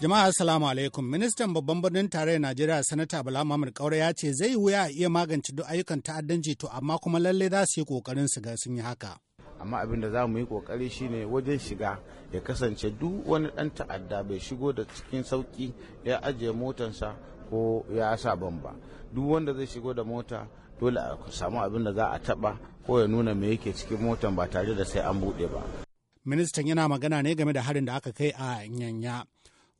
Jama'a Assalamu alaikum. Ministan babban birnin tarayyar Najeriya Sanata Bala Muhammad Kaura ya ce zai wuya a iya magance duk ayyukan ta'addanci to amma kuma lallai za su yi kokarin su ga sun yi haka. Amma abin da za mu yi kokari shine wajen shiga ya kasance duk wani dan ta'adda bai shigo da cikin sauki ya ajiye motansa ko ya sa bamba. Duk wanda zai shigo da mota dole a samu abin da za a taba ko ya nuna me yake cikin motan ba tare da sai an buɗe ba. Ministan yana magana ne game da harin da aka kai a Nyanya.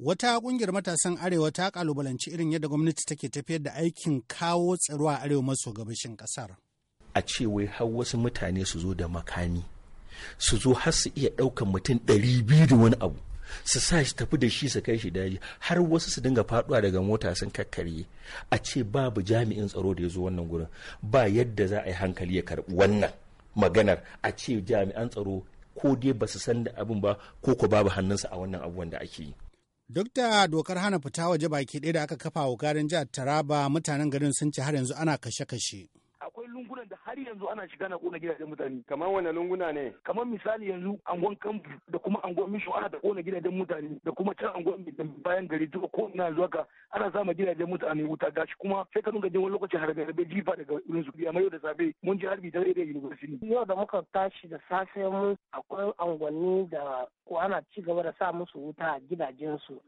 Wata ƙungiyar matasan Arewa ta kalubalanci irin yadda gwamnati take tafiyar da aikin kawo tsaro a Arewa maso gabashin kasar A ce wai har wasu mutane su zo da makami, su zo har su iya ɗaukan mutum ɗari biyu da wani abu, su sa shi tafi da shi su kai shi daji har wasu su dinga faɗuwa daga mota sun kakkarye a ce babu jami'in tsaro da ya zo wannan gurin ba yadda za a yi hankali ya karɓi wannan maganar a ce jami'an tsaro ko dai ba su san da abin ba ko ko babu hannunsa a wannan abubuwan da ake yi. Duk da dokar hana fita waje baki ɗaya da aka kafa wa garin jihar Taraba mutanen garin sun ce har yanzu ana kashe-kashe. yanzu ana shiga na kona gidajen mutane kamar wani lunguna ne kamar misali yanzu angon kambu da kuma angon misho ana da kona gidajen mutane da kuma can angon bayan gari zuwa ko ina zuwa ka ana sama gidajen mutane wuta gashi kuma sai ka nuna jin wani lokaci harbe harbe jifa daga irin su amma yau da safe mun ji harbi ta area university yau da muka tashi da safe mun akwai angonni da ko ana ci gaba da sa musu wuta a gidajensu